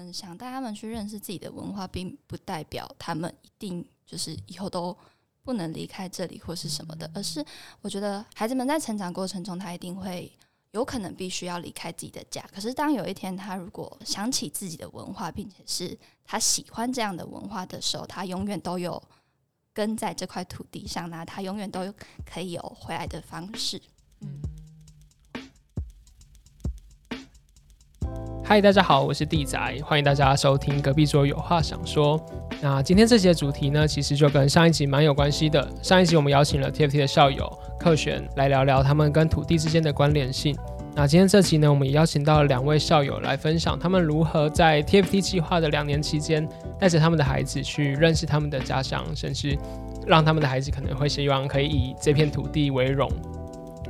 嗯，想帶他們去認識自己的文化，並不代表他們一定就是以後都不能離開這裡或是什麼的。而是我覺得孩子們在成長過程中，他一定會有可能必須要離開自己的家。可是，當有一天他如果想起自己的文化，並且是他喜歡這樣的文化的時候，他永遠都有跟在這塊土地上啊，那他永遠都有可以有回來的方式。嗯。嗨，Hi, 大家好，我是地仔，歡迎大家收聽隔壁桌有話想說。那今天這集的主題呢，其實就跟上一集蠻有關係的。上一集我們邀請了 TFT 的校友柯璇來聊聊他們跟土地之間的關聯性。那今天這集呢，我們也邀請到了兩位校友來分享他們如何在 TFT 計劃的兩年期間，帶着他們的孩子去認識他們的家鄉，甚至讓他們的孩子可能會希望可以以這片土地為榮。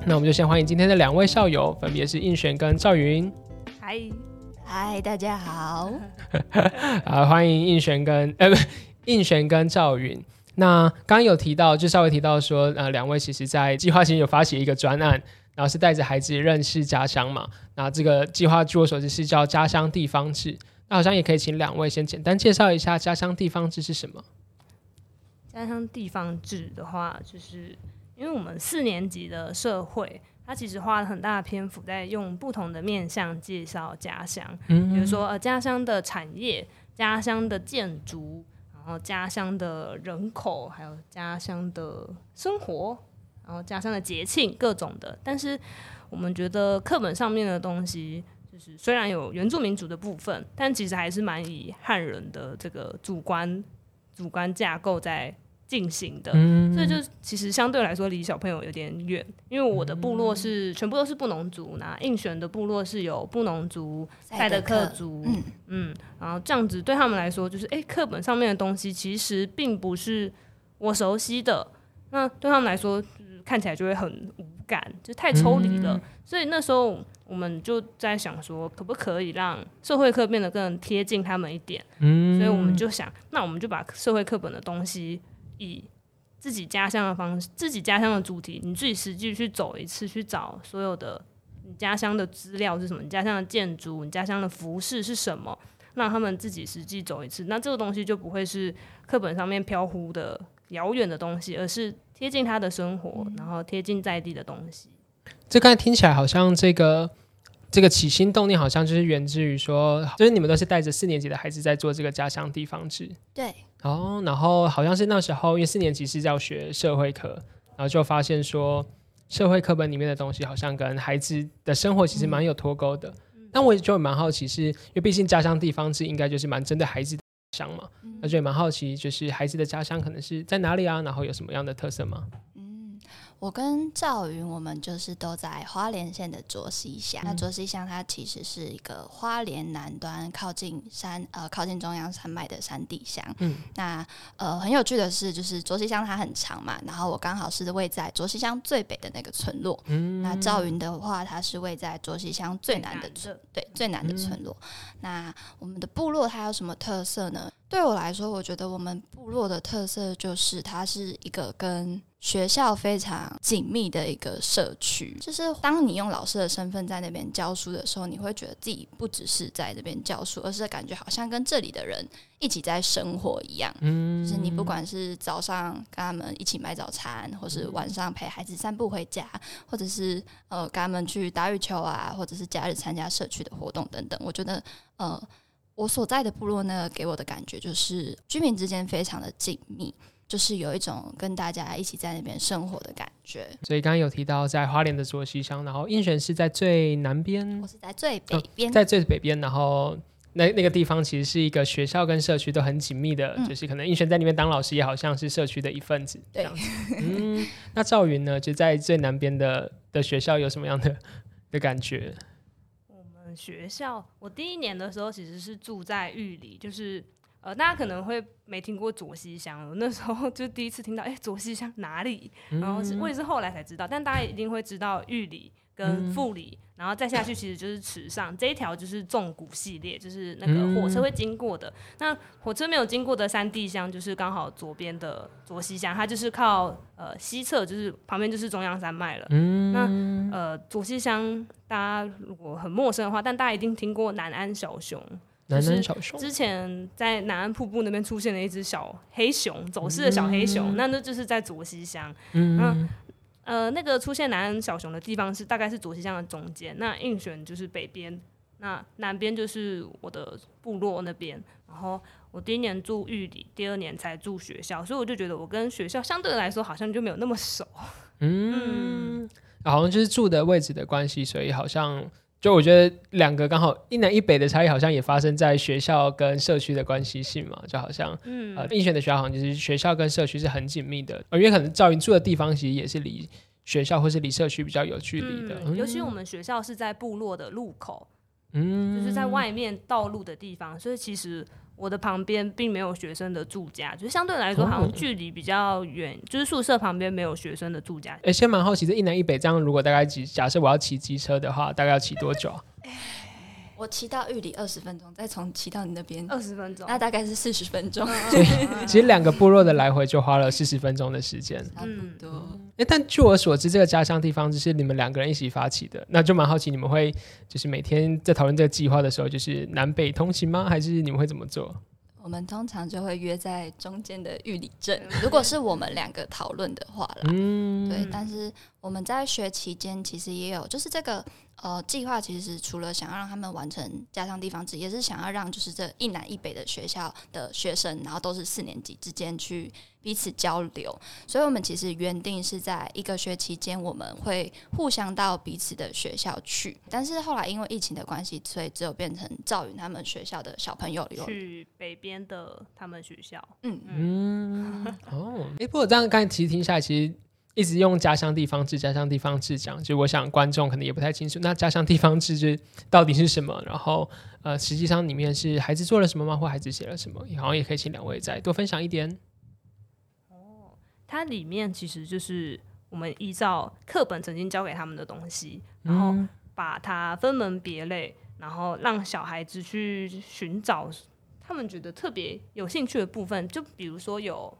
那我們就先歡迎今天的兩位校友，分別是映璇跟肇芸。嗨。嗨，Hi, 大家好！啊， 歡迎映璇跟呃，不，映璇跟肇芸。那剛剛有提到，就稍微提到說，呃，兩位其實，在計劃前有發起一個專案，然後是帶着孩子認識家鄉嘛。那這個計劃，據我所知是叫家鄉地方志。那好像也可以請兩位先簡單介紹一下家鄉地方志是什麼？家鄉地方志的話，就是因為我們四年級的社會。他其實花了很大的篇幅在用不同的面向介紹家鄉，嗯嗯比如說呃家鄉的產業、家鄉的建築，然後家鄉的人口，還有家鄉的生活，然後家鄉的節慶各種的。但是我們覺得課本上面的東西，就是雖然有原住民族的部分，但其實還是蠻以漢人的這個主觀主觀架構在。進行的，嗯、所以就其實相對來說離小朋友有點遠，因為我的部落是全部都是布農族，啊，那、嗯、映璇的部落是有布農族、賽德克、賽德克族，嗯、嗯，然後這樣子對他們來說，就是誒，課本上面的東西其實並不是我熟悉的，那對他們來說看起來就會很無感，就太抽離了。嗯、所以那時候我們就在想說，可不可以讓社會課變得更貼近他們一點？嗯、所以我們就想，那我們就把社會課本的東西。以自己家鄉的方式，自己家鄉的主題，你自己實際去走一次，去找所有的你家鄉的資料是什麼？你家鄉的建築，你家鄉的服飾是什麼？讓他們自己實際走一次，那這個東西就不會是課本上面飄忽的遙遠的東西，而是貼近他的生活，嗯、然後貼近在地的東西。這剛才聽起來好像這個這個起心動念，好像就是源自於說，就是你們都是帶着四年級的孩子在做這個家鄉地方志，對。哦，然後好像是那時候，因為四年級是要學社會課，然後就發現說，社會課本裡面的東西好像跟孩子的生活其實蠻有脫鈎的。嗯、但我就也就蠻好奇是，是因為畢竟家鄉地方是應該就是蠻針對孩子的家鄉嘛，那就、嗯、蠻好奇，就是孩子的家鄉可能是在哪裡啊？然後有什麼樣的特色嗎？我跟肇芸，我們就是都在花蓮縣的卓溪鄉。嗯、那卓溪鄉它其實是一個花蓮南端靠近山，呃靠近中央山脈的山地鄉。嗯。那呃很有趣的是，就是卓溪鄉它很長嘛，然後我剛好是位在卓溪鄉最北的那個村落。嗯。那肇芸的話，他是位在卓溪鄉最南的村，的對，最南的村落。嗯、那我們的部落它有什麼特色呢？對我來說，我覺得我們部落的特色就是它是一個跟學校非常緊密的一個社區。就是當你用老師的身份在那邊教書的時候，你會覺得自己不只是在這邊教書，而是感覺好像跟這裡的人一起在生活一樣。嗯，就是你不管是早上跟他們一起買早餐，或是晚上陪孩子散步回家，或者是呃跟他們去打羽球啊，或者是假日參加社區的活動等等。我覺得呃。我所在的部落呢，給我的感覺就是居民之間非常的緊密，就是有一種跟大家一起在那邊生活的感覺。所以剛剛有提到在花蓮的卓溪鄉，然後映璇是在最南邊，嗯，我是在最北邊。哦，在最北邊。然後那那個地方其實是一個學校跟社區都很緊密的，嗯、就是可能映璇在裡面當老師也好像是社區的一份子。對，這樣 嗯，那肇芸呢，就在最南邊的的學校有什麼樣的的感覺？學校，我第一年的時候其實是住在玉里，就是呃，大家可能會沒聽過卓溪鄉。那時候就第一次聽到，誒，卓溪鄉哪裡？嗯。然後是我也是後來才知道，但大家一定會知道玉里跟富里。嗯嗯然後再下去其實就是池上這一條就是縱谷系列，就是那個火車會經過的。嗯、那火車沒有經過的山地鄉就是剛好左邊的卓溪鄉，它就是靠呃西側，就是旁邊就是中央山脈了。嗯，那呃卓溪鄉大家如果很陌生的話，但大家一定聽過南安小熊，小、就是之前在南安瀑布那邊出現了一隻小黑熊，走失的小黑熊，那、嗯、那就是在卓溪鄉。嗯。呃，那個出現南安小熊的地方是大概是卓溪鄉的中間，那應選就是北邊，那南邊就是我的部落那邊。然後我第一年住玉里，第二年才住學校，所以我就覺得我跟學校相對來說好像就沒有那麼熟，嗯，嗯，好像就是住的位置的關係，所以好像。就我覺得兩個剛好一南一北的差異，好像也發生在學校跟社區的關係性嘛，就好像，嗯、呃，映璇的學校好像就是學校跟社區是很緊密的，而、呃、因為可能肇芸住的地方其實也是離學校或是離社區比較有距離的，嗯嗯、尤其我們學校是在部落的路口，嗯，就是在外面道路的地方，所以其實。我的旁邊並沒有學生的住家，就相對來說好像距離比較遠，嗯、就是宿舍旁邊沒有學生的住家。欸、先蠻好奇，這一南一北這樣，如果大概假假設我要騎機車的話，大概要騎多久？ 我騎到玉里二十分鐘，再從騎到你那邊二十分鐘，那大概是四十分鐘。 對，其實兩個部落的來回就花了四十分鐘的時間，差不多。誒、嗯嗯欸，但據我所知，這個家鄉地方就是你們兩個人一起發起的，那就蠻好奇你們會就是每天在討論這個計劃的時候，就是南北通勤嗎？還是你們會怎麼做？我們通常就會約在中間的玉里鎮。嗯、如果是我們兩個討論的話啦，嗯，對。但是我們在學期間，其實也有就是這個。呃，計劃其實除了想要讓他們完成，家鄉地方志，也是想要讓就是這一南一北的學校的學生，然後都是四年級之間去彼此交流。所以我們其實原定是在一個學期間，我們會互相到彼此的學校去。但是後來因為疫情的關係，所以只有變成肇芸他們學校的小朋友去北邊的他們學校。嗯嗯，哦，哎，不過這樣剛才其實聽下來其實。一直用家鄉地方志、家鄉地方志講，就我想觀眾可能也不太清楚，那家鄉地方志就到底是什麼？然後，呃，實際上裡面是孩子做了什麼嗎？或孩子寫了什麼？也好像也可以請兩位再多分享一點。哦，它裡面其實就是我們依照課本曾經教給他們的東西，然後把它分門別類，嗯、然後讓小孩子去尋找他們覺得特別有興趣的部分，就比如說有。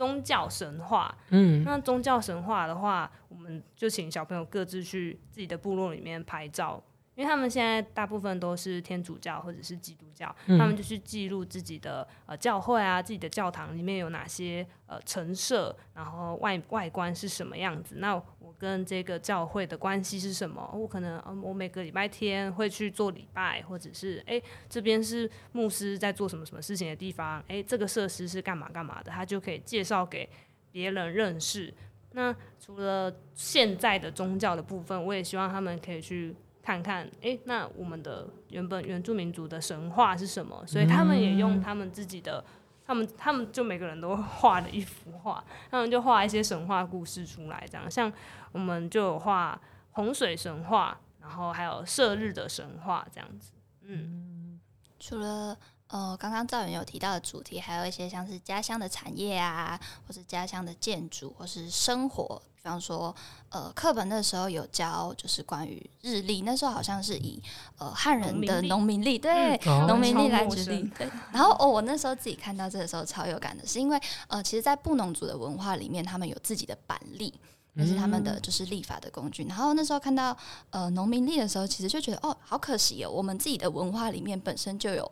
宗教神話，嗯，那宗教神話的話，我們就請小朋友各自去自己的部落裡面拍照，因為他們現在大部分都是天主教或者是基督教，嗯，他們就去記錄自己的呃教會啊，自己的教堂裡面有哪些呃陳設，然後外外觀是什麼樣子，那。跟這個教會的關係是什麼？我可能，我每個禮拜天會去做禮拜，或者是，誒，這邊是牧師在做什麼什麼事情的地方，誒，這個設施是幹嘛幹嘛的，他就可以介紹給別人認識。那除了現在的宗教的部分，我也希望他們可以去看看，誒，那我們的原本原住民族的神話是什麼？所以他們也用他們自己的。他們他們就每個人都畫了一幅畫，他們就畫一些神話故事出來，這樣像我們就有畫洪水神話，然後還有射日的神話這樣子，嗯，除了。呃，剛剛肇芸有提到的主題，還有一些像是家鄉的產業啊，或是家鄉的建築，或是生活。比方說，呃，課本那時候有教，就是關於日曆。那時候好像是以呃漢人的農民曆，嗯、對，農、嗯、民歷來舉例，對。然後哦，我那時候自己看到這個時候超有感的，是因為呃，其實，在布農族的文化裡面，他們有自己的板歷，那、就是他們的就是曆法的工具。然後那時候看到呃農民曆的時候，其實就覺得哦，好可惜哦，我們自己的文化裡面本身就有。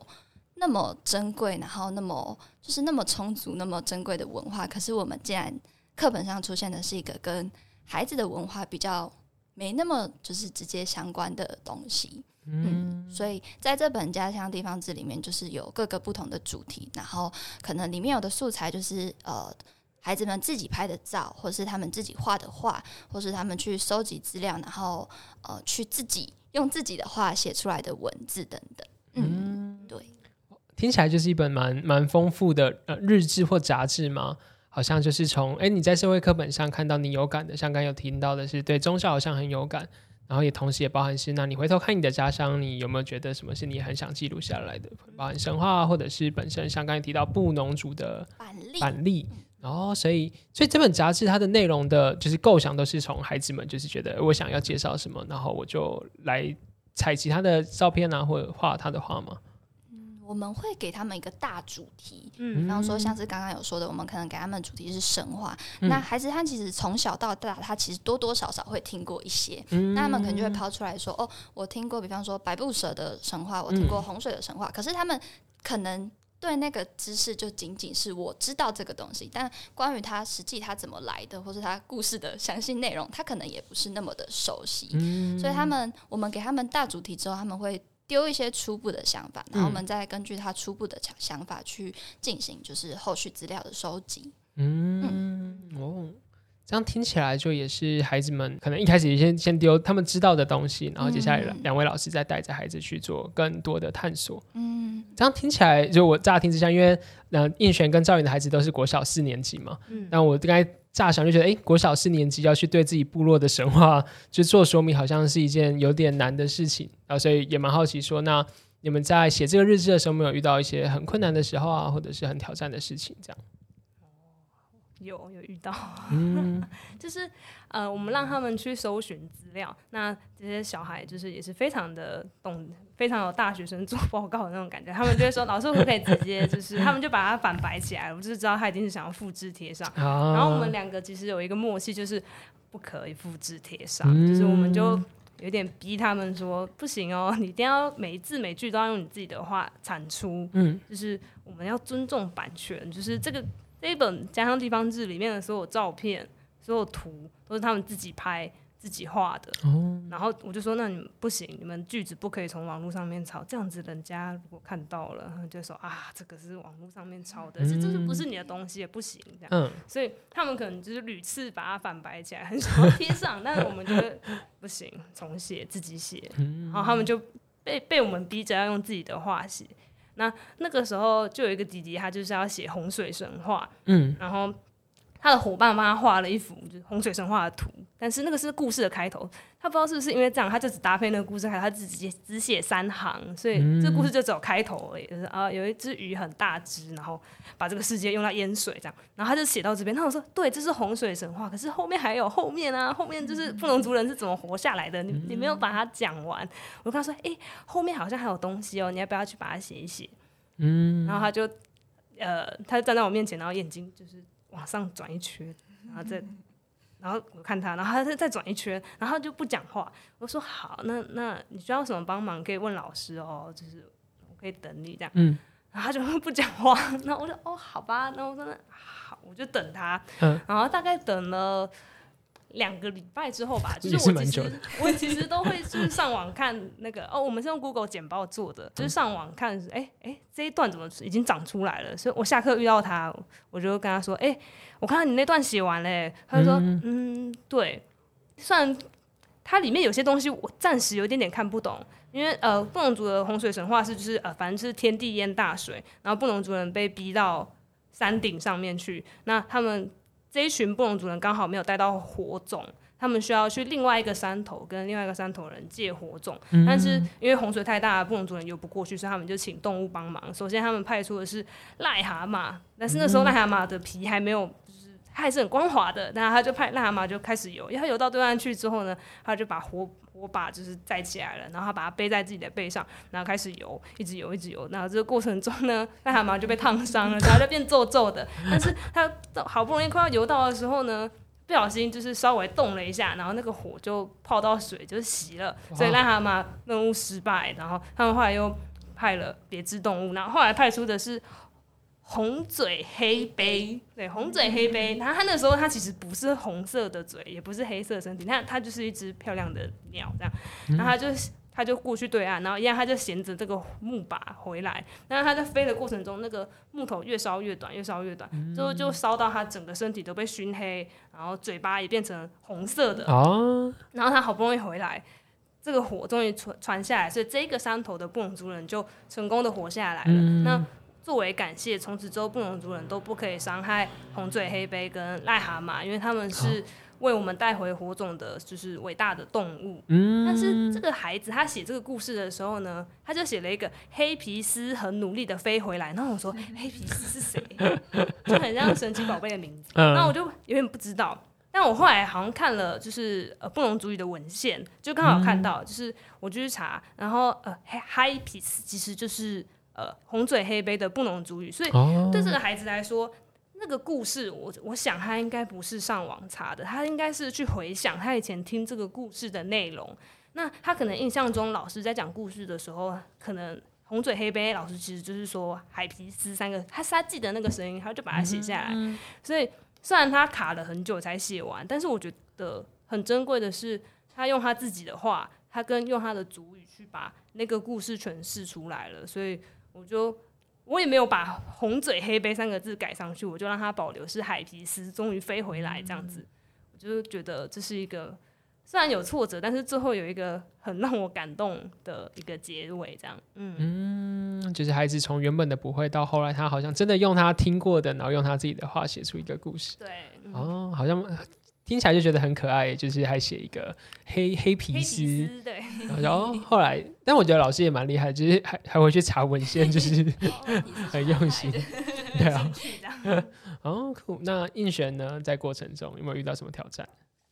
那麼珍貴，然後那麼就是那麼充足，那麼珍貴的文化，可是我們竟然課本上出現的是一個跟孩子的文化比較沒那麼就是直接相關的東西。嗯，所以在這本家鄉地方志裡面，就是有各個不同的主題，然後可能裡面有的素材就是呃孩子們自己拍的照，或是他們自己畫的畫，或是他們去收集資料，然後呃去自己用自己的話寫出來的文字等等。嗯，對。聽起來就是一本蠻蠻豐富的呃日誌或雜誌嗎？好像就是從哎、欸、你在社會課本上看到你有感的，像剛有提到的是對宗教好像很有感，然後也同時也包含是，那你回頭看你的家鄉，你有沒有覺得什麼是你很想記錄下來的？包含神話或者是本身像剛才提到布農族的板栗歷板栗，然後所以所以這本雜誌它的內容的就是構想都是從孩子們就是覺得我想要介紹什麼，然後我就來採集他的照片啊或者畫他的畫嗎？我們會給他們一個大主題，嗯，比方說，像是剛剛有說的，我們可能給他們主題是神話。嗯、那孩子他們其實從小到大，他其實多多少少會聽過一些，嗯、那他們可能就會拋出來說：“哦，我聽過，比方說百步蛇的神話，我聽過洪水的神話。嗯”可是他們可能對那個知識就僅僅是我知道這個東西，但關於他實際他怎麼來的，或是他故事的詳細內容，他可能也不是那麼的熟悉。嗯、所以他們，我們給他們大主題之後，他們會。丟一些初步的想法，然後我們再根據他初步的想想法，去進行，就是後續資料的收集。嗯，嗯哦，這樣聽起來就也是孩子們可能一開始先先丟他們知道的東西，然後接下來兩、嗯、兩位老師再帶着孩子去做更多的探索。嗯，這樣聽起來就我乍聽之下，因為嗯、呃，映璇跟肇芸的孩子都是國小四年級嘛。嗯，那我剛才。乍想就覺得，哎，國小四年級要去對自己部落的神話就做說明，好像是一件有點難的事情啊，所以也蠻好奇說，說那你們在寫這個日志的時候，沒有遇到一些很困難的時候啊，或者是很挑戰的事情？這樣，有有遇到，嗯， 就是呃，我們讓他們去搜尋資料，那這些小孩就是也是非常的動。非常有大學生做報告的那種感覺，他們就會說：“老師，我們可以直接就是， 他們就把它反白起來了。”我就是知道他一定是想要複製貼上。哦、然後我們兩個其實有一個默契，就是不可以複製貼上，嗯、就是我們就有點逼他們說：“不行哦，你一定要每一字每句都要用你自己的話產出。”嗯，就是我們要尊重版權，就是這個這一本家鄉地方志裡面的所有照片、所有圖都是他們自己拍自己畫的，oh. 然後我就說：“那你們不行，你們句子不可以從網絡上面抄，這樣子人家如果看到了，就說啊，這個是網絡上面抄的，嗯、這就是不是你的東西也不行。”這樣，嗯、所以他們可能就是屢次把它反白起來，很想要貼上。 但是我們就得不行，重寫自己寫，嗯、然後他們就被被我們逼着要用自己的話寫。那那個時候就有一個弟弟，他就是要寫洪水神話，嗯、然後。他的夥伴幫他畫了一幅，就是洪水神話的圖，但是那個是故事的開頭，他不知道是不是因為這樣，他就只搭配那個故事，還他自己只寫三行，所以這故事就只有開頭而已。就是啊，有一隻魚很大隻，然後把這個世界用來淹水這樣，然後他就寫到這邊。然後我說對，這是洪水神話，可是後面還有後面啊，後面就是布農族人是怎麼活下來的，嗯、你你沒有把它講完。我就跟他說，哎、欸，後面好像還有東西哦、喔，你要不要去把它寫一寫？嗯，然後他就呃，他就站在我面前，然後眼睛就是。往上轉一圈，然後再，嗯、然後我看他，然後他再轉一圈，然後他就不講話。我說好，那那你需要什麼幫忙可以問老師哦，就是我可以等你這樣。嗯、然後他就不講話，那我說哦好吧，那我說那好，我就等他。嗯、然後大概等了。兩個禮拜之後吧，就是我其實的我其實都會就是上網看那個 哦，我們是用 Google 簡報做的，就是上網看，哎、欸、哎、欸、這一段怎麼已經長出來了，所以我下課遇到他，我就跟他說，哎、欸，我看到你那段寫完嘞、欸，他就說，嗯，嗯，對，雖然它裡面有些東西我暫時有一點點看不懂，因為呃，布農族的洪水神話是就是呃，反正就是天地淹大水，然後布農族的人被逼到山頂上面去，那他們。這一群布隆族人剛好沒有帶到火種，他們需要去另外一個山頭跟另外一個山頭人借火種，嗯、但是因為洪水太大了，布隆族人游不過去，所以他們就請動物幫忙。首先他們派出的是癩蛤蟆，但是那時候癩蛤蟆的皮還沒有。它還是很光滑的，然後他就派癩蛤蟆就開始游，因為他游到對岸去之後呢，他就把火火把就是載起來了，然後他把它背在自己的背上，然後開始游，一直游一直游，然後這個過程中呢，癩蛤蟆就被燙傷了，然後 就變皺皺的，但是它好不容易快要游到的時候呢，不小心就是稍微動了一下，然後那個火就泡到水就熄了，所以癩蛤蟆任務失敗，然後他們後來又派了別隻動物，然後後來派出的是。紅嘴黑鵯，對，紅嘴黑鵯。然後他那時候，他其實不是紅色的嘴，也不是黑色的身體，你看他就是一隻漂亮的鳥這樣。然後他就他就過去對岸，然後一樣他就銜着這個木把回來。然後他在飛的過程中，那個木頭越燒越短，越燒越短，最後就燒到他整個身體都被燻黑，然後嘴巴也變成紅色的。然後他好不容易回來，這個火終於傳傳下來，所以這個山頭的布農族人就成功的活下來了。嗯、那。作為感謝，從此之後，布隆族人都不可以傷害紅嘴黑鵯跟癩蛤蟆，因為他們是為我們帶回火種的，就是偉大的動物。嗯、但是這個孩子他寫這個故事的時候呢，他就寫了一個黑皮斯很努力的飛回來。然後我說，欸、黑皮斯是誰？ 就很像神奇寶貝的名字。那、嗯、我就有點不知道，但我後來好像看了，就是呃，布農族語的文獻，就剛好看到，嗯、就是我就去查，然後呃，黑皮斯其實就是。呃，紅嘴黑鵯的布農族語，所以對這個孩子來說，oh. 那個故事，我我想他應該不是上網查的，他應該是去回想他以前聽這個故事的內容。那他可能印象中老師在講故事的時候，可能紅嘴黑鵯老師其實就是說海皮斯三個，他是他記得那個聲音，他就把它寫下來。Mm hmm. 所以雖然他卡了很久才寫完，但是我覺得很珍貴的是，他用他自己的話，他跟用他的族語去把那個故事詮釋出來了，所以。我就，我也沒有把“紅嘴黑鵯”三個字改上去，我就讓他保留是海皮斯終於飛回來這樣子。嗯、我就覺得這是一個雖然有挫折，但是最後有一個很讓我感動的一個結尾，這樣。嗯，嗯，就是孩子從原本的不會到後來，他好像真的用他聽過的，然後用他自己的話寫出一個故事。對，哦，好像。聽起來就覺得很可愛，就是還寫一個黑黑皮詩，然後後來，但我覺得老師也蠻厲害，就是還還會去查文獻，就是很用心，對啊。好、 哦、酷！那映璇呢，在過程中有沒有遇到什麼挑戰？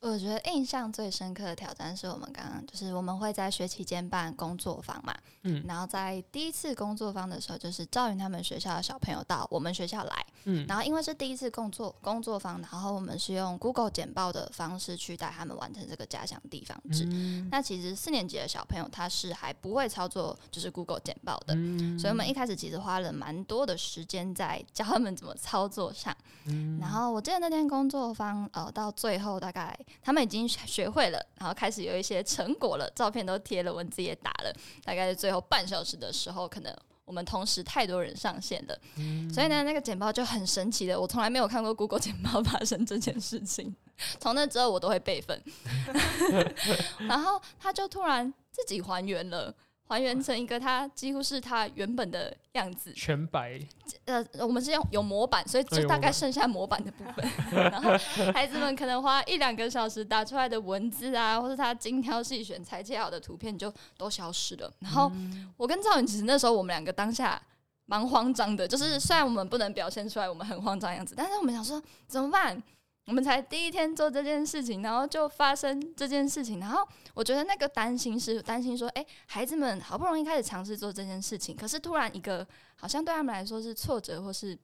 我覺得印象最深刻的挑戰是我們剛剛就是我們會在學期間辦工作坊嘛，嗯，然後在第一次工作坊的時候，就是肇芸他們學校的小朋友到我們學校來，嗯，然後因為是第一次工作工作坊，然後我們是用 Google 簡報的方式去帶他們完成這個家鄉地方志。嗯，那其實四年級的小朋友他是還不會操作，就是 Google 簡報的，嗯，所以我們一開始其實花了蠻多的時間在教他們怎麼操作上。嗯，然後我記得那天工作坊，呃，到最後大概。他們已經學會了，然後開始有一些成果了，照片都貼了，文字也打了。大概是最後半小時的時候，可能我們同時太多人上線了，嗯、所以呢，那個簡報就很神奇的，我從來沒有看過 Google 簡報發生這件事情。從那之後，我都會備份， 然後他就突然自己還原了。還原成一個它，幾乎是他原本的樣子，全白。呃，我們是用有模板，所以就大概剩下模板的部分。哎、 然後孩子們可能花一兩個小時打出來的文字啊，或是他精挑細選裁切好的圖片就都消失了。然後我跟肇芸，其實那時候我們兩個當下蠻慌張的，就是雖然我們不能表現出來我們很慌張的樣子，但是我們想說怎麼辦？我們才第一天做這件事情，然後就發生這件事情，然後我覺得那個擔心是擔心說，哎、欸，孩子們好不容易開始嘗試做這件事情，可是突然一個好像對他們來說是挫折或是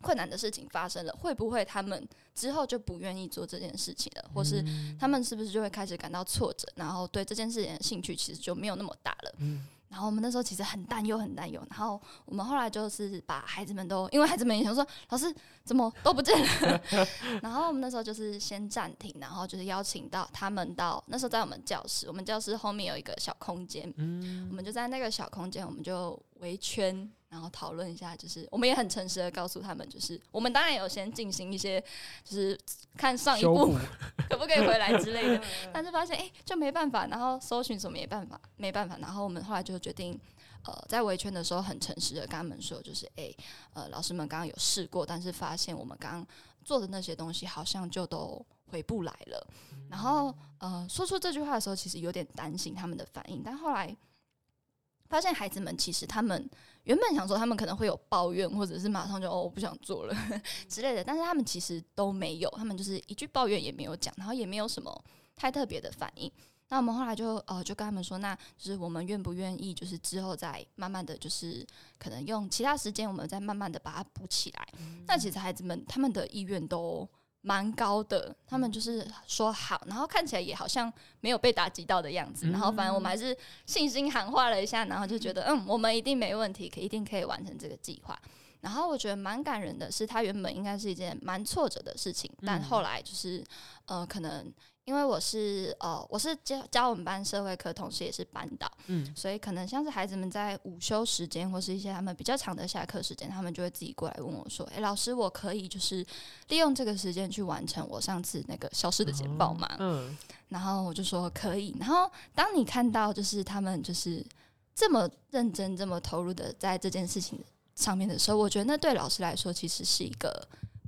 困難的事情發生了，會不會他們之後就不願意做這件事情了，或是他們是不是就會開始感到挫折，然後對這件事情的興趣其實就沒有那麼大了？嗯然後我們那時候其實很擔憂，很擔憂。然後我們後來就是把孩子們都，因為孩子們也想說，老師怎麼都不見了。 然後我們那時候就是先暫停，然後就是邀請到他們到那時候在我們教室，我們教室後面有一個小空間，嗯，我們就在那個小空間，我們就圍圈。然後討論一下，就是我們也很誠實的告訴他們，就是我們當然有先進行一些，就是看上一步可不可以回來之類的，但是發現哎、欸，就沒辦法。然後搜尋麼？沒辦法，沒辦法。然後我們後來就決定，呃，在圍圈的時候很誠實的跟他們說，就是哎、欸，呃，老師們剛剛有試過，但是發現我們剛剛做的那些東西好像就都回不來了。然後呃，說出這句話的時候，其實有點擔心他們的反應，但後來發現孩子們其實他們。原本想說他們可能會有抱怨，或者是馬上就哦我不想做了呵呵之類的，但是他們其實都沒有，他們就是一句抱怨也沒有講，然後也沒有什麼太特別的反應。那我們後來就哦、呃、就跟他們說，那就是我們願不願意，就是之後再慢慢的就是可能用其他時間，我們再慢慢的把它補起來。嗯、那其實孩子們他們的意願都蠻高的，他們就是說好，然後看起來也好像沒有被打擊到的樣子，然後反正我們還是信心喊話了一下，然後就覺得嗯，我們一定沒問題，可一定可以完成這個計劃。然後我覺得蠻感人的是，他原本應該是一件蠻挫折的事情，但後來就是呃，可能。因為我是呃，我是教教我們班社會課，同時也是班導，嗯，所以可能像是孩子們在午休時間或是一些他們比較長的下課時間，他們就會自己過來問我說：“哎、欸，老師，我可以就是利用這個時間去完成我上次那個消失的簡報嗎？”哦、嗯，然後我就說可以。然後當你看到就是他們就是這麼認真、這麼投入的在這件事情上面的時候，我覺得那對老師來說其實是一個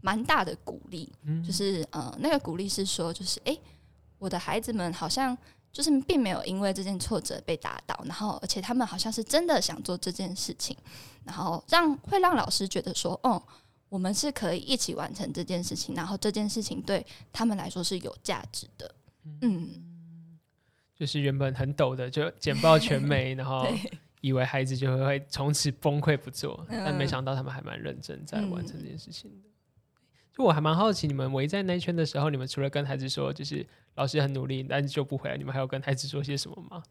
蠻大的鼓勵，嗯，就是呃，那個鼓勵是說就是哎。欸我的孩子們好像就是並沒有因為這件挫折被打倒，然後而且他們好像是真的想做這件事情，然後讓會讓老師覺得說，哦，我們是可以一起完成這件事情，然後這件事情對他們來說是有價值的。嗯，嗯，就是原本很抖的就簡報全沒， 然後以為孩子就會從此崩潰不做， 但沒想到他們還蠻認真在完成這件事情的，嗯，就我還蠻好奇，你們圍在那一圈的時候，你們除了跟孩子說，就是。老師很努力，但就不回來。你們還要跟孩子說些什麼嗎？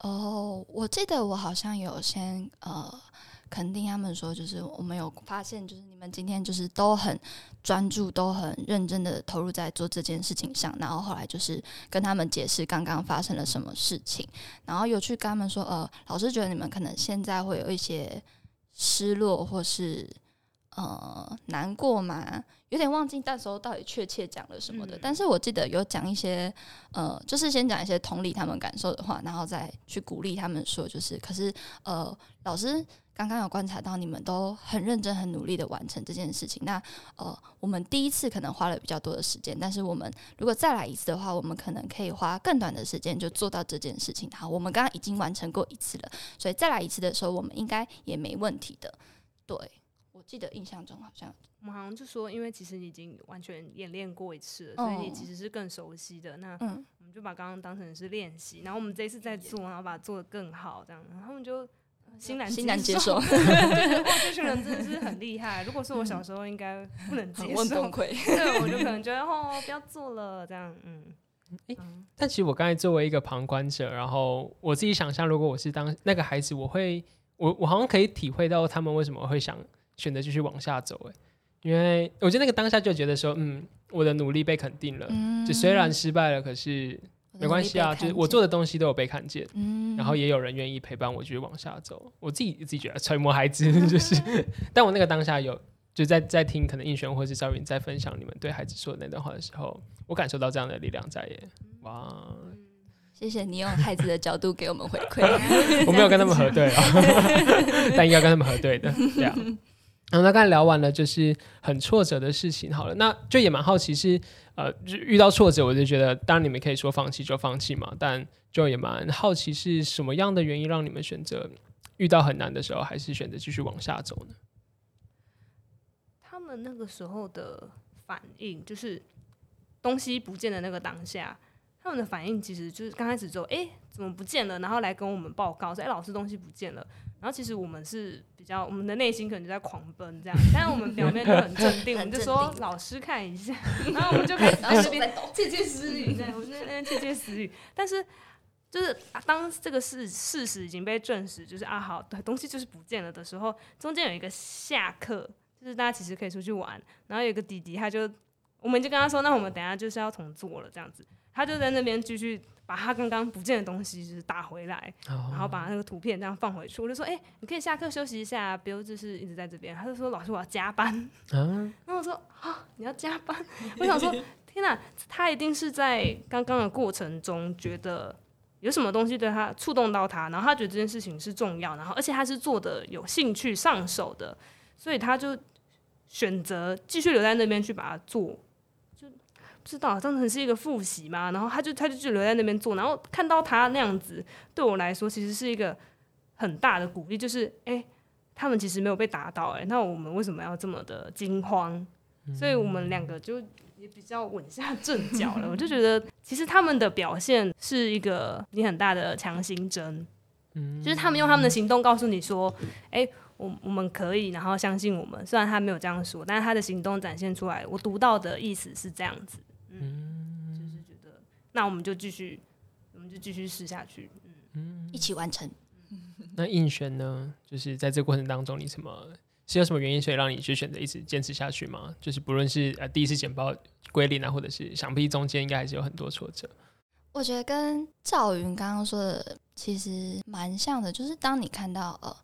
哦，oh, 我記得我好像有先呃，肯定他們說，就是我們有發現，就是你們今天就是都很專注，都很認真的投入在做這件事情上。然後後來就是跟他們解釋剛剛發生了什麼事情，然後有去跟他們說，呃，老師覺得你們可能現在會有一些失落或是。呃，難過嘛，有點忘記那時候到底確切講了什麼的。嗯，但是我記得有講一些，呃，就是先講一些同理他們感受的話，然後再去鼓勵他們說，就是，可是，呃，老師剛剛有觀察到你們都很認真、很努力地完成這件事情。那，呃，我們第一次可能花了比較多的時間，但是我們如果再來一次的話，我們可能可以花更短的時間就做到這件事情。好，我們剛剛已經完成過一次了，所以再來一次的時候，我們應該也沒問題的。對。記得印象中好像我們好像就說，因為其實你已經完全演練過一次了，所以你其實是更熟悉的。那我們就把剛剛當成是練習，然後我們這一次再做，然後把它做得更好，這樣。然後他們就欣然欣然接受。哇，這群人真的是很厲害。如果是我小時候，應該不能接受，嗯、 我多對，我就可能覺得 哦，不要做了這樣。嗯，哎、欸，嗯、但其實我剛才作為一個旁觀者，然後我自己想象，如果我是當那個孩子，我會，我我好像可以體會到他們為什麼會想。選擇繼續往下走，欸，哎，因為我覺得那個當下就覺得說，嗯，我的努力被肯定了，嗯、就雖然失敗了，可是沒關係啊，就是我做的東西都有被看見，嗯、然後也有人願意陪伴我繼續往下走。我自己自己覺得揣摩孩子、嗯、就是，嗯、但我那個當下有，就在在聽可能映璇或是肇芸、嗯、在分享你們對孩子說的那段話的時候，我感受到這樣的力量在耶，哇、嗯，謝謝你用孩子的角度給我們回饋， 是我沒有跟他們核對， 對，對啊，但應該跟他們核對的，這樣。然後大概聊完了，就是很挫折的事情。好了，那就也蠻好奇是，呃，遇到挫折，我就覺得，當然你們可以說放棄就放棄嘛。但就也蠻好奇是什麼樣的原因讓你們選擇遇到很難的時候，還是選擇繼續往下走呢？他們那個時候的反應，就是東西不見的那個當下。他們的反應其實就是剛開始之後，哎、欸，怎麼不見了？然後來跟我們報告說，哎、欸，老師東西不見了。然後其實我們是比較，我們的內心可能就在狂奔這樣，但是我們表面都很鎮定， 很鎮定，我們就說老師看一下。 然後我們就開始在那邊竊竊私語，對、嗯，我們那邊竊竊私語。 但是就是、啊、當這個事事實已經被證實，就是啊，好，的東西就是不見了的時候，中間有一個下課，就是大家其實可以出去玩。然後有一個弟弟，他就我們就跟他說，那我們等下就是要重做了這樣子。他就在那邊繼續把他剛剛不見的東西就是打回來，oh. 然後把那個圖片這樣放回去。我就說：“哎、欸，你可以下課休息一下，不要就是一直在這邊。”他就說：“老師，我要加班。嗯”然後我說：“啊、哦，你要加班？” 我想說：“天哪、啊，他一定是在剛剛的過程中覺得有什麼東西對他觸動到他，然後他覺得這件事情是重要，然後而且他是做的有興趣上手的，所以他就選擇繼續留在那邊去把它做。”知道，當成是一個複習嘛，然後他就他就就留在那邊做，然後看到他那樣子，對我來說其實是一個很大的鼓勵，就是哎、欸，他們其實沒有被打倒，誒。那我們為什麼要這麼的驚慌？所以我們兩個就也比較穩下陣腳了。嗯嗯我就覺得，其實他們的表現是一個你很大的強心針，嗯，就是他們用他們的行動告訴你說，哎、欸，我我們可以，然後相信我們。雖然他沒有這樣說，但是他的行動展現出來，我讀到的意思是這樣子。嗯，就是覺得，那我們就繼續，我們就繼續試下去，嗯，一起完成、嗯。那映璇呢，就是在這個過程當中，你什麼是有什麼原因，所以讓你去選擇一直堅持下去嗎？就是不論是呃第一次簡報歸零啊，或者是想必中間應該還是有很多挫折。我覺得跟肇芸剛剛說的其實蠻像的，就是當你看到呃。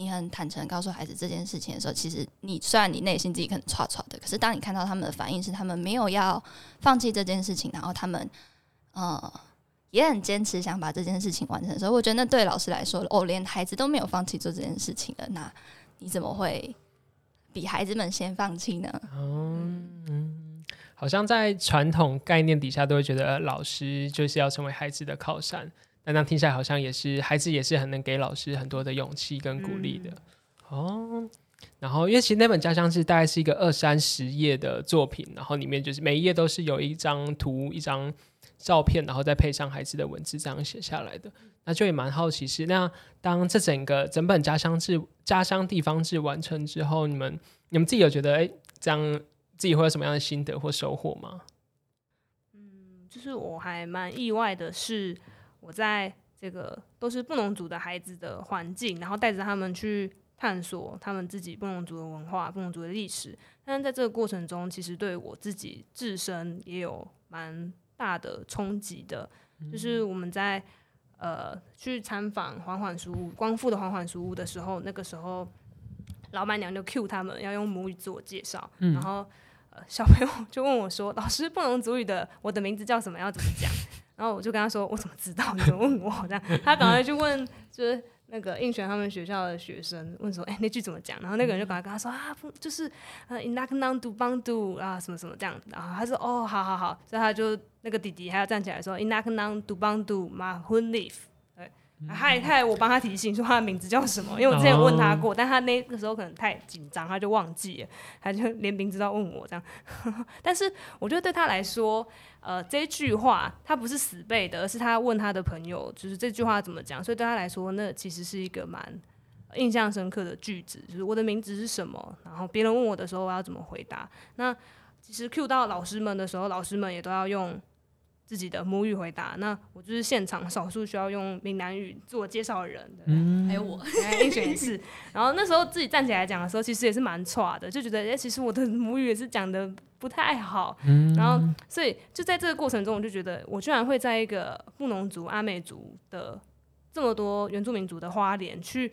你很坦誠告訴孩子這件事情的時候，其實你雖然你內心自己很吵吵的，可是當你看到他們的反應是他們沒有要放棄這件事情，然後他們呃、嗯、也很堅持想把這件事情完成的時候，我覺得那對老師來說，哦，連孩子都沒有放棄做這件事情了，那你怎麼會比孩子們先放棄呢？嗯，好像在傳統概念底下，都會覺得老師就是要成為孩子的靠山。那那聽起來好像也是孩子也是很能給老師很多的勇氣跟鼓勵的、嗯、哦。然後，因為其實那本家鄉志大概是一個二三十頁的作品，然後裡面就是每一頁都是有一張圖、一張照片，然後再配上孩子的文字這樣寫下來的。那就也蠻好奇是，是那當這整個整本家鄉志、家鄉地方志完成之後，你們你們自己有覺得誒，這樣自己會有什麼樣的心得或收穫嗎？嗯，就是我還蠻意外的是。我在這個都是布農族的孩子的環境，然後帶着他們去探索他們自己布農族的文化、布農族的歷史。但是在這個過程中，其實對我自己自身也有蠻大的衝擊的。就是我們在呃去參訪緩緩書屋、光復的緩緩書屋的時候，那個時候老板娘就 cue 他們要用母語自我介紹，嗯、然後、呃、小朋友就問我說：“老師，布農族語的我的名字叫什麼？要怎麼講？” 然後我就跟他說：“我怎麼知道？你問我 這樣。”他趕快去問，就是那個映璇他們學校的學生問說：“誒，那句怎麼講？”然後那個人就趕快跟他說：“啊，就是呃，inaknang du bang du 啊，什麼什麼這樣子。”然後他說：“哦，好好好。”所以他就那個弟弟還要站起來說：“inaknang du bang du m h u n l e 害還、哎哎、我幫他提醒說他的名字叫什麼，因為我之前問他過，oh. 但他那個時候可能太緊張，他就忘記了，他就連名字都要問我這樣。 但是我覺得對他來說，呃，這句話他不是死背的，而是他問他的朋友，就是這句話怎麼講，所以對他來說，那其實是一個蠻印象深刻的句子，就是我的名字是什麼，然後別人問我的時候我要怎麼回答。那其實 Q 到老師們的時候，老師們也都要用。自己的母語回答，那我就是現場少數需要用閩南語自我介紹的人，還有我，還應選一次。 然後那時候自己站起來講的時候，其實也是蠻挫的，就覺得誒、欸，其實我的母語也是講的不太好。嗯、然後所以就在這個過程中，我就覺得我居然會在一個布農族、阿美族的這麼多原住民族的花蓮去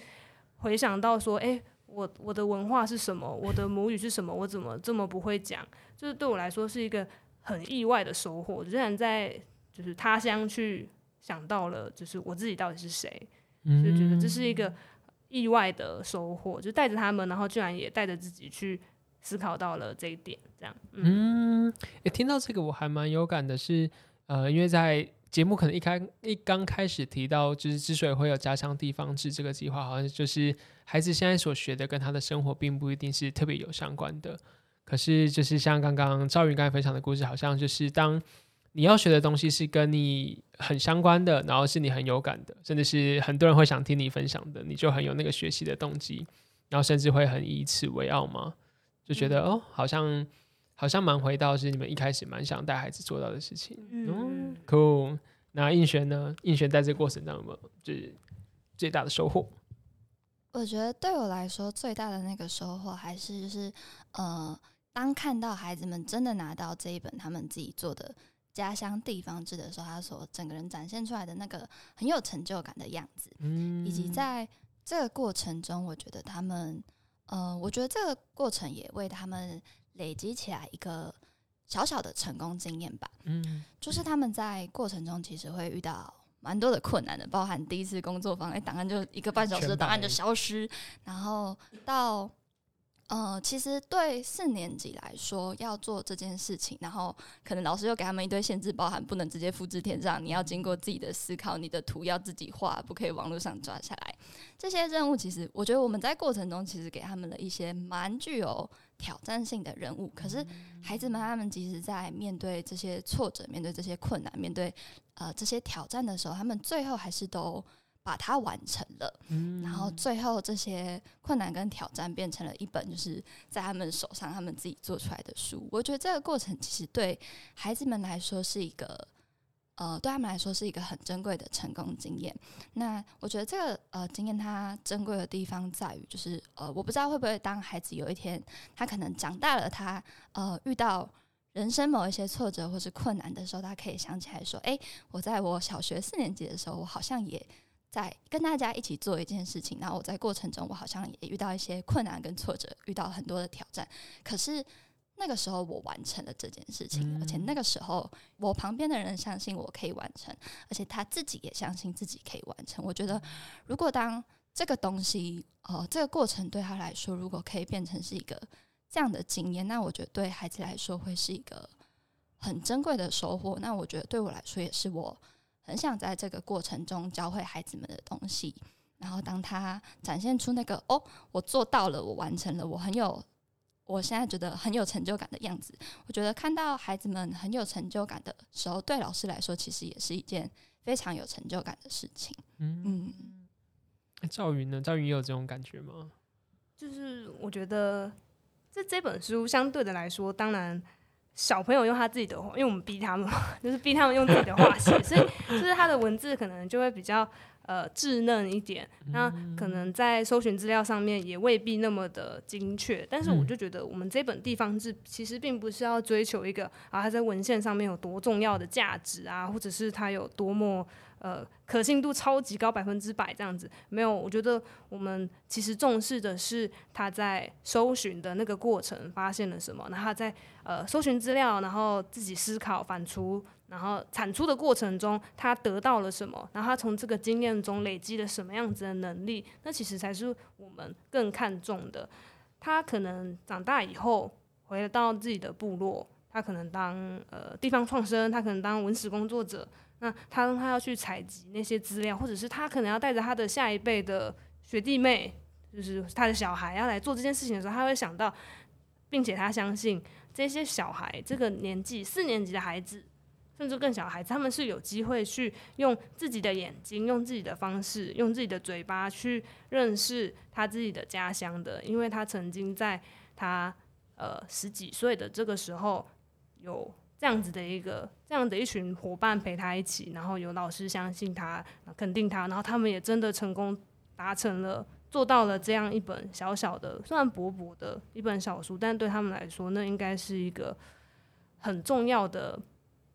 回想到說，哎、欸，我我的文化是什麼？我的母語是什麼？我怎麼這麼不會講？就是對我來說是一個。很意外的收穫，居然在就是他鄉去想到了，就是我自己到底是誰，嗯、就覺得這是一個意外的收穫，就帶着他們，然後居然也帶着自己去思考到了這一點，這樣。嗯，嗯、欸，聽到這個我還蠻有感的是，是呃，因為在節目可能一開一剛開始提到，就是之所以會有家鄉地方志這個計劃，好像就是孩子現在所學的跟他的生活並不一定是特別有相關的。可是，就是像剛剛肇芸剛才分享的故事，好像就是當你要學的東西是跟你很相關的，然後是你很有感的，甚至是很多人會想聽你分享的，你就很有那個學習的動機，然後甚至會很以此為傲嗎？就覺得、嗯、哦，好像好像蠻回到是你們一開始蠻想帶孩子做到的事情。嗯，Cool。那映璇呢？映璇在這個過程當中就是最最大的收穫？我覺得對我來說最大的那個收穫還是就是呃。當看到孩子們真的拿到這一本他們自己做的家鄉地方志的時候，他所整個人展現出來的那個很有成就感的樣子，嗯，以及在這個過程中，我覺得他們，呃，我覺得這個過程也為他們累積起來一個小小的成功經驗吧，嗯，就是他們在過程中其實會遇到蠻多的困難的，包含第一次工作坊，誒、欸，檔案就一個半小時，檔案就消失，欸、然後到。呃，其實對四年級來說，要做這件事情，然後可能老師又給他們一堆限制，包含不能直接複製貼上，你要經過自己的思考，你的圖要自己畫，不可以網絡上抓下來。這些任務其實，我覺得我們在過程中其實給他們了一些蠻具有挑戰性的任務。可是孩子們他們其實在面對這些挫折、面對這些困難、面對呃這些挑戰的時候，他們最後還是都。把它完成了，嗯嗯嗯，然後最後這些困難跟挑戰變成了一本，就是在他們手上，他們自己做出來的書。我覺得這個過程其實對孩子們來說是一個，呃，對他們來說是一個很珍貴的成功經驗。那我覺得這個呃經驗它珍貴的地方在於，就是呃，我不知道會不會當孩子有一天他可能長大了他，他呃遇到人生某一些挫折或是困難的時候，他可以想起來說：“哎，我在我小學四年級的時候，我好像也。”在跟大家一起做一件事情，然後我在過程中，我好像也遇到一些困難跟挫折，遇到很多的挑戰。可是那個時候，我完成了這件事情，嗯、而且那個時候，我旁邊的人相信我可以完成，而且他自己也相信自己可以完成。我覺得，如果當這個東西，哦、呃，這個過程對他來說，如果可以變成是一個這樣的經驗，那我覺得對孩子來說會是一個很珍貴的收穫。那我覺得對我來說，也是我。很想在這個過程中教會孩子們的東西，然後當他展現出那個“哦，我做到了，我完成了，我很有，我現在覺得很有成就感”的樣子，我覺得看到孩子們很有成就感的時候，對老師來說其實也是一件非常有成就感的事情。嗯，肇芸、嗯、呢？肇芸也有這種感覺嗎？就是我覺得這這本書相對的來說，當然。小朋友用他自己的話，因為我們逼他們，就是逼他們用自己的話寫， 所以就是他的文字可能就會比較呃稚嫩一點，那可能在搜尋資料上面也未必那麼的精確。但是我就覺得，我們這本地方誌、嗯、其實並不是要追求一個啊他在文獻上面有多重要的價值啊，或者是他有多麼。呃，可信度超級高，百分之百這樣子。沒有，我覺得我們其實重視的是他在搜尋的那個過程發現了什麼，然後他在呃搜尋資料，然後自己思考、反芻，然後產出的過程中，他得到了什麼，然後他從這個經驗中累積了什麼樣子的能力，那其實才是我們更看重的。他可能長大以後回到自己的部落，他可能當呃地方創生，他可能當文史工作者。那他他要去採集那些資料，或者是他可能要帶着他的下一輩的學弟妹，就是他的小孩，要來做這件事情的時候，他會想到，並且他相信這些小孩這個年紀、嗯、四年級的孩子，甚至更小孩子，他們是有機會去用自己的眼睛、用自己的方式、用自己的嘴巴去認識他自己的家鄉的，因為他曾經在他呃十幾歲的這個時候有。這樣子的一個，這樣的一群夥伴陪他一起，然後有老師相信他、肯定他，然後他們也真的成功達成了，做到了這樣一本小小的，雖然薄薄的一本小書，但對他們來說，那應該是一個很重要的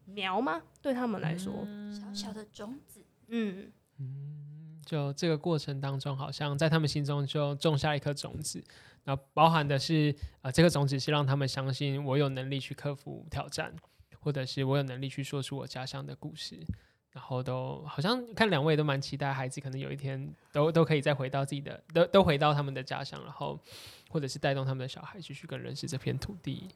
苗嗎？對他們來說，小小的種子，嗯嗯，就這個過程當中，好像在他們心中就種下一顆種子，那包含的是啊、呃，這個種子是讓他們相信我有能力去克服挑戰。或者是我有能力去說出我家鄉的故事，然後都好像看兩位都蠻期待孩子可能有一天都都可以再回到自己的，都都回到他們的家鄉，然後或者是帶動他們的小孩繼續更認識這片土地。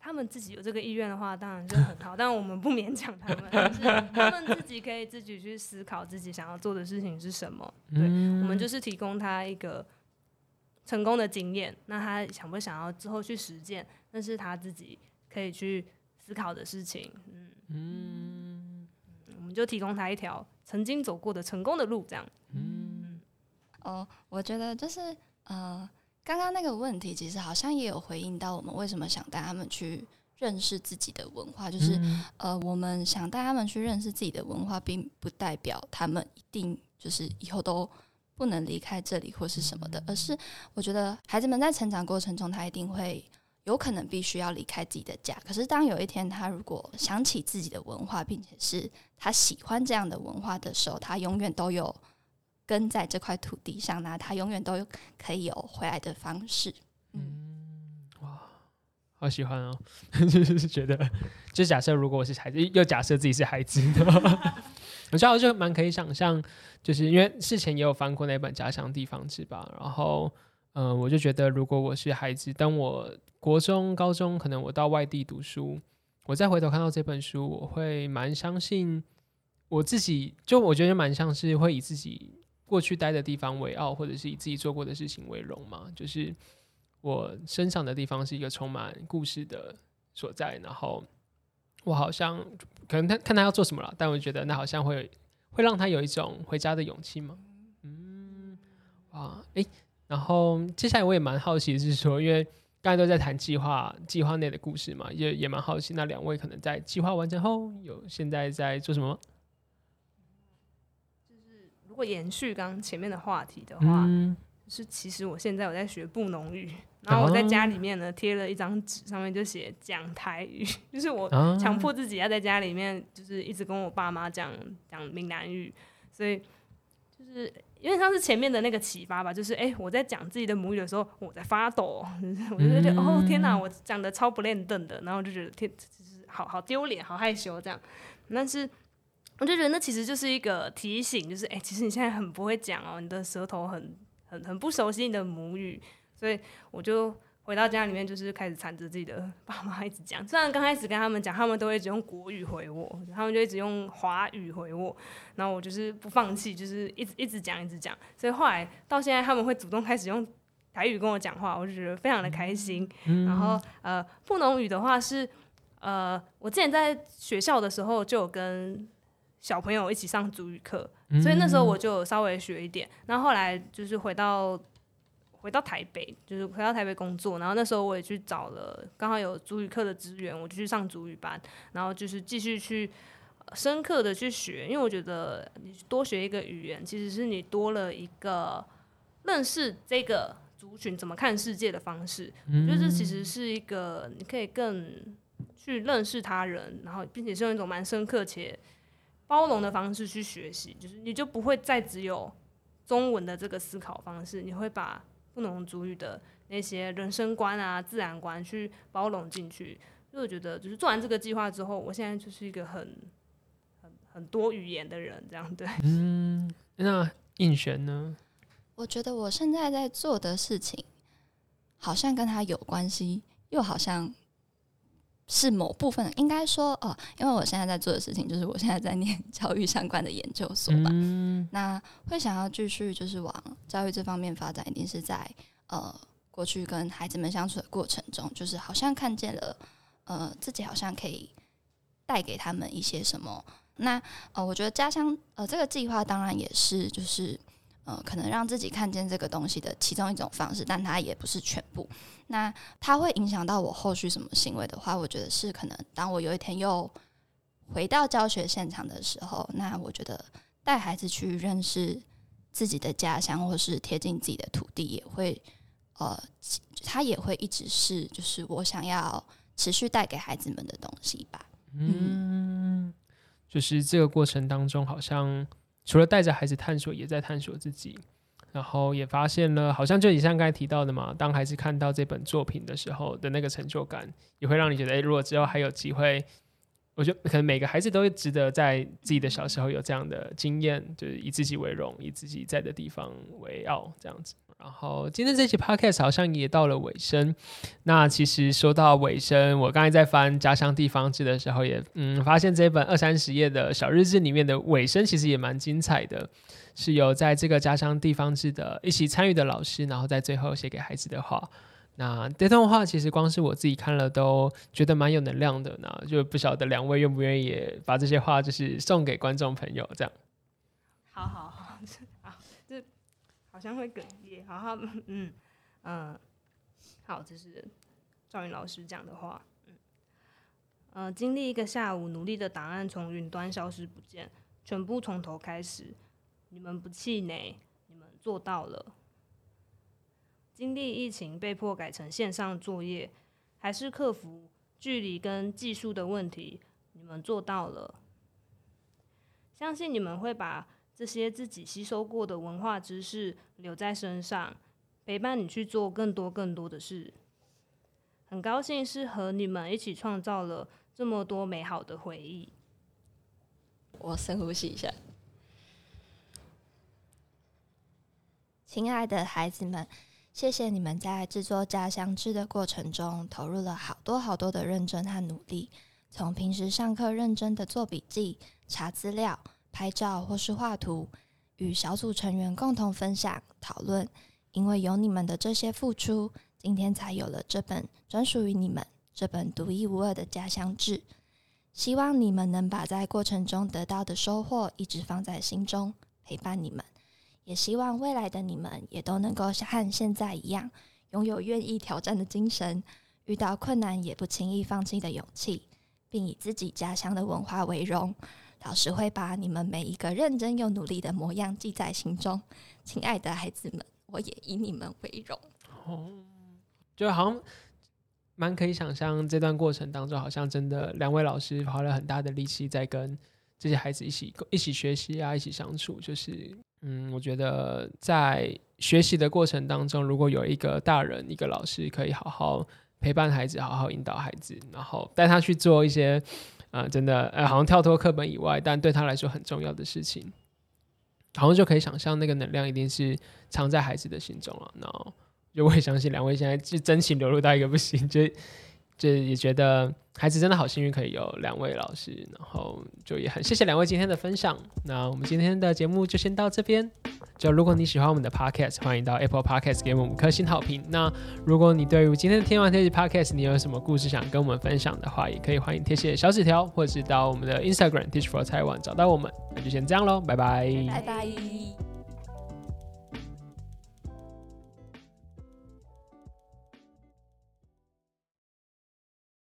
他們自己有這個意願的話，當然就很好。 但我們不勉強他們，但是他們自己可以自己去思考自己想要做的事情是什麼。嗯， 我們就是提供他一個成功的經驗。那他想不想要之後去實踐？那是他自己可以去。思考的事情，嗯，嗯我們就提供他一條曾經走過的成功的路，這樣。嗯，哦，我覺得就是，呃，剛剛那個問題其實好像也有回應到我們為什麼想帶他們去認識自己的文化，就是，嗯，呃，我們想帶他們去認識自己的文化，並不代表他們一定就是以後都不能離開這裡或是什麼的，而是我覺得孩子們在成長過程中，他一定會。有可能必須要離開自己的家，可是當有一天他如果想起自己的文化，並且是他喜歡這樣的文化的時候，他永遠都有根在這塊土地上，啊，那他永遠都有可以有回來的方式。嗯，嗯，哇，好喜歡哦！ 就是覺得，就假設如果我是孩子，又假設自己是孩子的。所以我就蠻可以想象，就是因為事前也有翻過那本《家鄉地方志》吧，然後，嗯、呃，我就覺得如果我是孩子，當我國中、高中，可能我到外地讀書，我再回頭看到這本書，我會蠻相信我自己，就我覺得蠻像是會以自己過去待的地方為傲，或者是以自己做過的事情為榮嘛。就是我生長的地方是一個充滿故事的所在，然後我好像可能看他看他要做什麼了，但我覺得那好像會會讓他有一種回家的勇氣嘛。嗯，啊，哎、欸，然後接下來我也蠻好奇的是說，因為。大家都在談計劃計劃內的故事嘛，也也蠻好奇。那兩位可能在計劃完成後有現在在做什麼？就是如果延續剛剛前面的話題的話，嗯、是其實我現在我在學布農語，然後我在家裡面呢、啊、貼了一張紙，上面就寫講台語，就是我強迫自己要在家裡面就是一直跟我爸媽講講閩南語，所以就是。因為像是前面的那個啟發吧，就是誒、欸，我在講自己的母語的時候，我在發抖、喔就是，我就覺得、嗯、哦天吶、啊，我講的超不連貫的，然後就覺得天，就是好好丟臉，好害羞這樣。但是我就覺得那其實就是一個提醒，就是誒、欸，其實你現在很不會講哦、喔，你的舌頭很很很不熟悉你的母語，所以我就。回到家裡面就是開始纏着自己的爸媽一直講，雖然剛開始跟他們講，他們都會只用國語回我，他們就一直用華語回我，然後我就是不放棄，就是一直一直講一直講，所以後來到現在他們會主動開始用台語跟我講話，我就覺得非常的開心。然後呃，布農語的話是呃，我之前在學校的時候就有跟小朋友一起上族語課，所以那時候我就稍微學一點，然後後來就是回到。回到台北，就是回到台北工作，然後那時候我也去找了，剛好有族語課的資源，我就去上族語班，然後就是繼續去深刻的去學，因為我覺得你多學一個語言，其實是你多了一個認識這個族群怎麼看世界的方式。嗯，就是其實是一個你可以更去認識他人，然後並且是用一種蠻深刻且包容的方式去學習，就是你就不會再只有中文的這個思考方式，你會把。不能主語的那些人生觀啊、自然觀去包容進去，因為我覺得就是做完這個計劃之後，我現在就是一個很很很多語言的人，這樣對。嗯，那映璇呢？我覺得我現在在做的事情，好像跟他有關係，又好像。是某部分應該說哦，呃，因為我現在在做的事情就是我現在在念教育相關的研究所嘛，嗯，那會想要繼續就是往教育這方面發展，一定是在呃過去跟孩子們相處的過程中，就是好像看見了呃自己好像可以帶給他們一些什麼。那呃，我覺得家鄉呃這個計劃當然也是就是。呃，可能讓自己看見這個東西的其中一種方式，但它也不是全部。那它會影響到我後續什麼行為的話，我覺得是可能當我有一天又回到教學現場的時候，那我覺得帶孩子去認識自己的家鄉，或是貼近自己的土地，也會呃，他也會一直是就是我想要持續帶給孩子們的東西吧。嗯，嗯，就是這個過程當中好像。除了帶着孩子探索，也在探索自己，然後也發現了，好像就你像剛才提到的嘛，當孩子看到這本作品的時候的那個成就感，也會讓你覺得，哎，如果之後還有機會，我覺得可能每個孩子都會值得在自己的小時候有這樣的經驗，就是以自己為榮，以自己在的地方為傲，這樣子。然後今天這期 podcast 好像也到了尾聲，那其實說到尾聲，我剛才在翻家鄉地方志的時候也，也嗯發現這本二三十頁的小日志裡面的尾聲其實也蠻精彩的，是有在這個家鄉地方志的一起參與的老師，然後在最後寫給孩子的話。那這段話其實光是我自己看了都覺得蠻有能量的，呢，就不曉得兩位願不願意把這些話就是送給觀眾朋友這樣。好好好。將會哽咽。好，好， 嗯，嗯、呃，好，這是肇芸老師講的話。嗯、呃、經歷一個下午努力的檔案從雲端消失不見，全部從頭開始，你們不氣餒，你們做到了。經歷疫情被迫改成線上作業，還是克服距離跟技術的問題，你們做到了。相信你們會把這些自己吸收過的文化知識留在身上，陪伴你去做更多更多的事。很高興是和你們一起創造了這麼多美好的回憶。我深呼吸一下，親愛的孩子們，謝謝你們在制作家鄉志的過程中投入了好多好多的認真和努力。從平時上課認真的做筆記、查資料。拍照或是畫圖，與小組成員共同分享討論。因為有你們的這些付出，今天才有了這本專屬於你們、這本獨一無二的家鄉志。希望你們能把在過程中得到的收穫一直放在心中，陪伴你們。也希望未來的你們也都能夠像現在一樣，擁有願意挑戰的精神，遇到困難也不輕易放棄的勇氣，並以自己家鄉的文化為榮。老師會把你們每一個認真又努力的模樣記在心中，親愛的孩子們，我也以你們為榮。哦，就好像蠻可以想象，這段過程當中，好像真的兩位老師花了很大的力氣，在跟這些孩子一起一起學習啊，一起相處。就是，嗯，我覺得在學習的過程當中，如果有一個大人一個老師可以好好陪伴孩子，好好引導孩子，然後帶他去做一些。啊，真的，哎、呃，好像跳脫課本以外，但對他來說很重要的事情，好像就可以想象那個能量一定是藏在孩子的心中了。然後，就我也相信兩位現在是真情流露到一個不行，就。這也覺得孩子真的好幸運，可以有兩位老師，然後就也很謝謝兩位今天的分享。那我們今天的節目就先到這邊。就如果你喜歡我們的 Podcast 歡迎到 Apple Podcast 給我們五顆星好評。那如果你對於今天的天王天氣 Podcast 你有什麼故事想跟我們分享的話，也可以歡迎貼寫小紙條，或者是到我們的 Instagram Teach For Taiwan 找到我們。那就先這樣嘍，拜拜，拜拜。